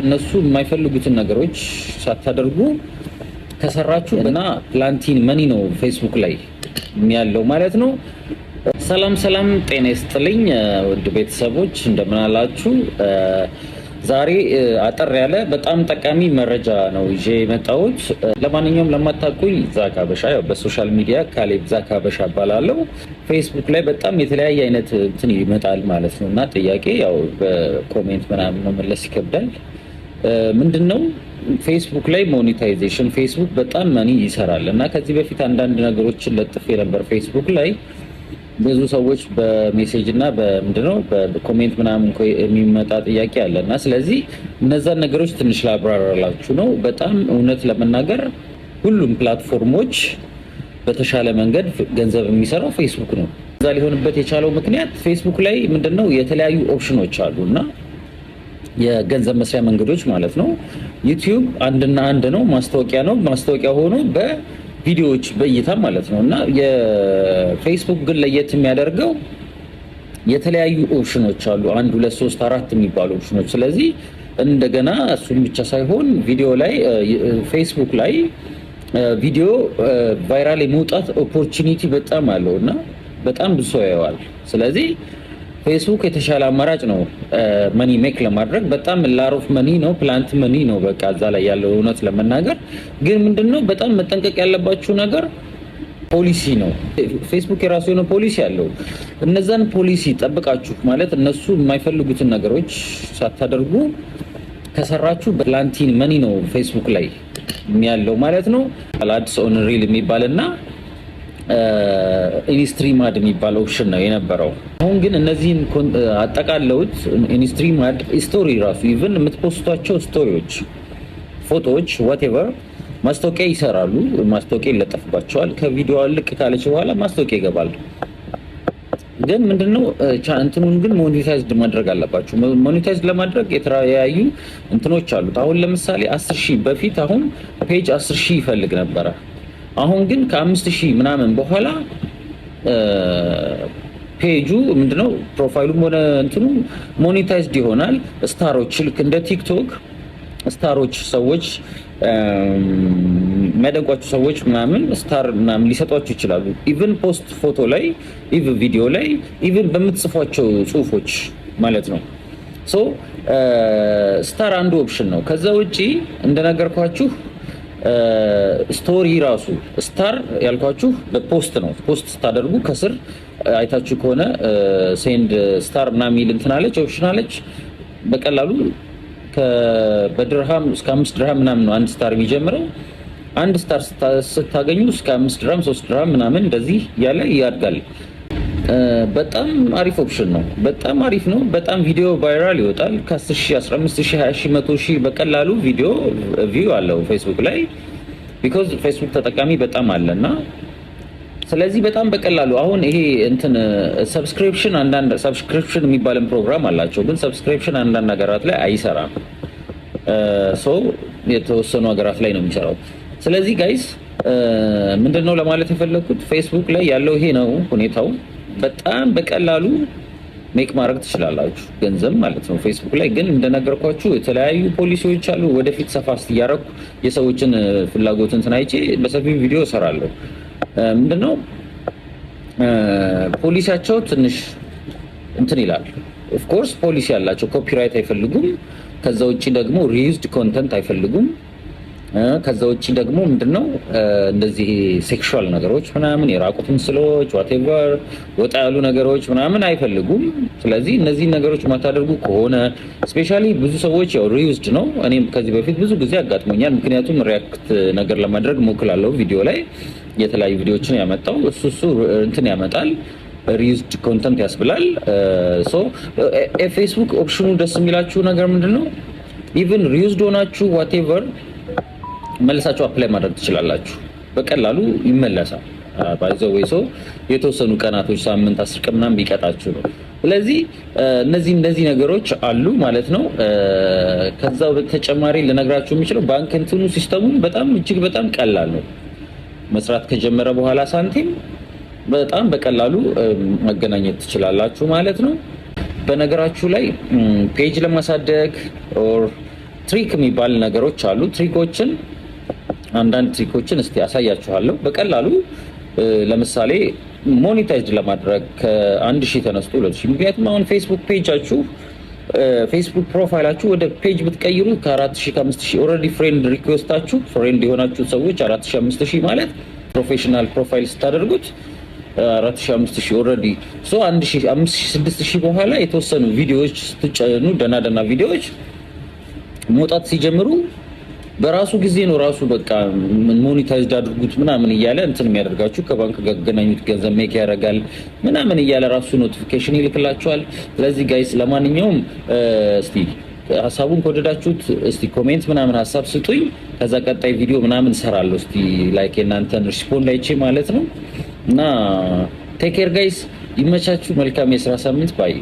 እነሱ የማይፈልጉትን ነገሮች ሳታደርጉ ከሰራችሁ እና ፕላንቲን መኒ ነው ፌስቡክ ላይ ያለው ማለት ነው። ሰላም ሰላም፣ ጤና ይስጥልኝ ውድ ቤተሰቦች እንደምን አላችሁ? ዛሬ አጠር ያለ በጣም ጠቃሚ መረጃ ነው ይዤ የመጣሁት። ለማንኛውም ለማታውቁኝ ዛካ በሻ ያው በሶሻል ሚዲያ ካሌብ ዛካ በሻ እባላለሁ። ፌስቡክ ላይ በጣም የተለያየ አይነት እንትን ይመጣል ማለት ነው እና ጥያቄ ያው በኮሜንት ምናምን መመለስ ይከብዳል ምንድን ነው ፌስቡክ ላይ ሞኔታይዜሽን፣ ፌስቡክ በጣም መኒ ይሰራል እና ከዚህ በፊት አንዳንድ ነገሮችን ለጥፍ የነበር ፌስቡክ ላይ ብዙ ሰዎች በሜሴጅ እና በምንድነው በኮሜንት ምናምን የሚመጣ ጥያቄ አለ እና ስለዚህ እነዛን ነገሮች ትንሽ ላብራራላችሁ ነው። በጣም እውነት ለመናገር ሁሉም ፕላትፎርሞች በተሻለ መንገድ ገንዘብ የሚሰራው ፌስቡክ ነው። እዛ ሊሆንበት የቻለው ምክንያት ፌስቡክ ላይ ምንድነው የተለያዩ ኦፕሽኖች አሉ እና የገንዘብ መስሪያ መንገዶች ማለት ነው። ዩቲዩብ አንድና አንድ ነው፣ ማስታወቂያ ነው። ማስታወቂያ ሆኖ በቪዲዮዎች በእይታ ማለት ነው። እና የፌስቡክ ግን ለየት የሚያደርገው የተለያዩ ኦፕሽኖች አሉ። አንድ ሁለት ሶስት አራት የሚባሉ ኦፕሽኖች። ስለዚህ እንደገና እሱም ብቻ ሳይሆን ቪዲዮ ላይ ፌስቡክ ላይ ቪዲዮ ቫይራል የመውጣት ኦፖርቹኒቲ በጣም አለው እና በጣም ብሶ ያየዋል። ስለዚህ ፌስቡክ የተሻለ አማራጭ ነው። መኒ ሜክ ለማድረግ በጣም ላሮፍ መኒ ነው፣ ፕላንት መኒ ነው። በቃ እዛ ላይ ያለው እውነት ለመናገር ግን ምንድነው በጣም መጠንቀቅ ያለባችሁ ነገር ፖሊሲ ነው። ፌስቡክ የራሱ የሆነ ፖሊሲ አለው። እነዛን ፖሊሲ ጠብቃችሁ ማለት እነሱ የማይፈልጉትን ነገሮች ሳታደርጉ ከሰራችሁ በፕላንቲን መኒ ነው ፌስቡክ ላይ ያለው ማለት ነው። አድስ ኦን ሪል የሚባል እና ኢንስትሪማድ የሚባል ኦፕሽን ነው የነበረው። አሁን ግን እነዚህን አጠቃለውት ኢንስትሪማድ ስቶሪ ራሱ ኢቨን የምትፖስቷቸው ስቶሪዎች፣ ፎቶዎች፣ ዋቴቨር ማስታወቂያ ይሰራሉ። ማስታወቂያ ይለጠፍባቸዋል። ከቪዲዮ ልቅ ካለች በኋላ ማስታወቂያ ይገባል። ግን ምንድነው እንትኑን ግን ሞኔታይዝድ ማድረግ አለባቸው። ሞኔታይዝድ ለማድረግ የተለያዩ እንትኖች አሉት። አሁን ለምሳሌ አስር ሺህ በፊት አሁን ፔጅ አስር ሺህ ይፈልግ ነበረ። አሁን ግን ከአምስት ሺህ ምናምን በኋላ ፔጁ ምንድነው ፕሮፋይሉም ሆነ እንትኑ ሞኔታይዝድ ይሆናል። ስታሮች ልክ እንደ ቲክቶክ ስታሮች ሰዎች የሚያደንቋቸው ሰዎች ምናምን ስታር ምናምን ሊሰጧቸው ይችላሉ። ኢቨን ፖስት ፎቶ ላይ ኢቭ ቪዲዮ ላይ ኢቭን በምትጽፏቸው ጽሁፎች ማለት ነው። ሶ ስታር አንዱ ኦፕሽን ነው። ከዛ ውጪ እንደነገርኳችሁ ስቶሪ ራሱ ስታር ያልኳችሁ በፖስት ነው። ፖስት ስታደርጉ ከስር አይታችሁ ከሆነ ሴንድ ስታር ምናምን የሚል እንትን አለች ኦፕሽን አለች። በቀላሉ በድርሃም እስከ አምስት ድርሃም ምናምን ነው አንድ ስታር የሚጀምረው። አንድ ስታር ስታገኙ እስከ አምስት ድርሃም ሶስት ድርሃም ምናምን እንደዚህ እያለ ያድጋል። በጣም አሪፍ ኦፕሽን ነው። በጣም አሪፍ ነው። በጣም ቪዲዮ ቫይራል ይወጣል። ከ10 15 20 100 በቀላሉ ቪዲዮ ቪው አለው ፌስቡክ ላይ ቢኮዝ ፌስቡክ ተጠቃሚ በጣም አለ እና ስለዚህ በጣም በቀላሉ አሁን ይሄ እንትን ሰብስክሪፕሽን አንዳንድ ሰብስክሪፕሽን የሚባልን ፕሮግራም አላቸው፣ ግን ሰብስክሪፕሽን አንዳንድ ሀገራት ላይ አይሰራም። ሰው የተወሰኑ ሀገራት ላይ ነው የሚሰራው። ስለዚህ ጋይስ ምንድን ነው ለማለት የፈለግኩት ፌስቡክ ላይ ያለው ይሄ ነው ሁኔታው። በጣም በቀላሉ ሜክ ማድረግ ትችላላችሁ ገንዘብ ማለት ነው። ፌስቡክ ላይ ግን እንደነገርኳችሁ የተለያዩ ፖሊሲዎች አሉ። ወደፊት ሰፋስ እያደረኩ የሰዎችን ፍላጎት እንትን አይቼ በሰፊው ቪዲዮ እሰራለሁ። ምንድነው ፖሊሲያቸው ትንሽ እንትን ይላል። ኦፍኮርስ ፖሊሲ ያላቸው ኮፒራይት አይፈልጉም። ከዛ ውጭ ደግሞ ሪዩዝድ ኮንተንት አይፈልጉም። ከዛ ውጭ ደግሞ ምንድነው እንደዚህ ሴክሹዋል ነገሮች ምናምን የራቁት ምስሎች ዋቴቨር ወጣ ያሉ ነገሮች ምናምን አይፈልጉም። ስለዚህ እነዚህ ነገሮች ማታደርጉ ከሆነ ስፔሻሊ ብዙ ሰዎች ያው ሪዩዝድ ነው። እኔም ከዚህ በፊት ብዙ ጊዜ አጋጥሞኛል። ምክንያቱም ሪያክት ነገር ለማድረግ ሞክላለሁ ቪዲዮ ላይ የተለያዩ ቪዲዮዎችን ያመጣው እሱ እሱ እንትን ያመጣል ሪዩዝድ ኮንተንት ያስብላል። ፌስቡክ ኦፕሽኑ ደስ የሚላችሁ ነገር ምንድን ነው ኢቨን ሪዩዝድ ሆናችሁ ዋቴቨር መልሳችሁ አፕላይ ማድረግ ትችላላችሁ። በቀላሉ ይመለሳል። ባይዘው ወይ ሰው የተወሰኑ ቀናቶች ሳምንት፣ አስር ቀን ምናምን ቢቀጣችሁ ነው። ስለዚህ uh, እነዚህ እነዚህ ነገሮች አሉ ማለት ነው። uh, ከዛ በተጨማሪ ልነግራችሁ የሚችለው ባንክ እንትኑ ሲስተሙን በጣም እጅግ በጣም ቀላል ነው። መስራት ከጀመረ በኋላ ሳንቲም በጣም በቀላሉ um, መገናኘት ትችላላችሁ ማለት ነው። በነገራችሁ ላይ um, ፔጅ ለማሳደግ ኦር ትሪክ የሚባል ነገሮች አሉ ትሪኮችን አንዳንድ ትሪኮችን እስቲ ያሳያችኋለሁ በቀላሉ ለምሳሌ ሞኔታይዝድ ለማድረግ ከአንድ ሺህ ተነስቶ ሁለት ሺህ ምክንያቱም አሁን ፌስቡክ ፔጃችሁ ፌስቡክ ፕሮፋይላችሁ ወደ ፔጅ ብትቀይሩ ከአራት ሺህ ከአምስት ሺህ ኦልሬዲ ፍሬንድ ሪኩዌስታችሁ ፍሬንድ የሆናችሁ ሰዎች አራት ሺህ አምስት ሺህ ማለት ፕሮፌሽናል ፕሮፋይል ስታደርጉት አራት ሺህ አምስት ሺህ ኦልሬዲ ሶ አንድ ሺህ አምስት ሺህ ስድስት ሺህ በኋላ የተወሰኑ ቪዲዮዎች ስትጨኑ ደና ደና ቪዲዮዎች መውጣት ሲጀምሩ በራሱ ጊዜ ነው ራሱ በቃ ሞኒታይዝድ አድርጉት ምናምን እያለ እንትን የሚያደርጋችሁ ከባንክ ጋር ገናኙት ገንዘብ ሜክ ያደርጋል ምናምን እያለ ራሱ ኖቲፊኬሽን ይልክላችኋል። ስለዚህ ጋይስ ለማንኛውም እስቲ ሀሳቡን ከወደዳችሁት እስቲ ኮሜንት ምናምን ሀሳብ ስጡኝ። ከዛ ቀጣይ ቪዲዮ ምናምን ሰራለሁ። እስቲ ላይክ የእናንተን ሪስፖንድ አይቼ ማለት ነው እና ቴክ ኬር ጋይስ፣ ይመቻችሁ። መልካም የስራ ሳምንት ባይ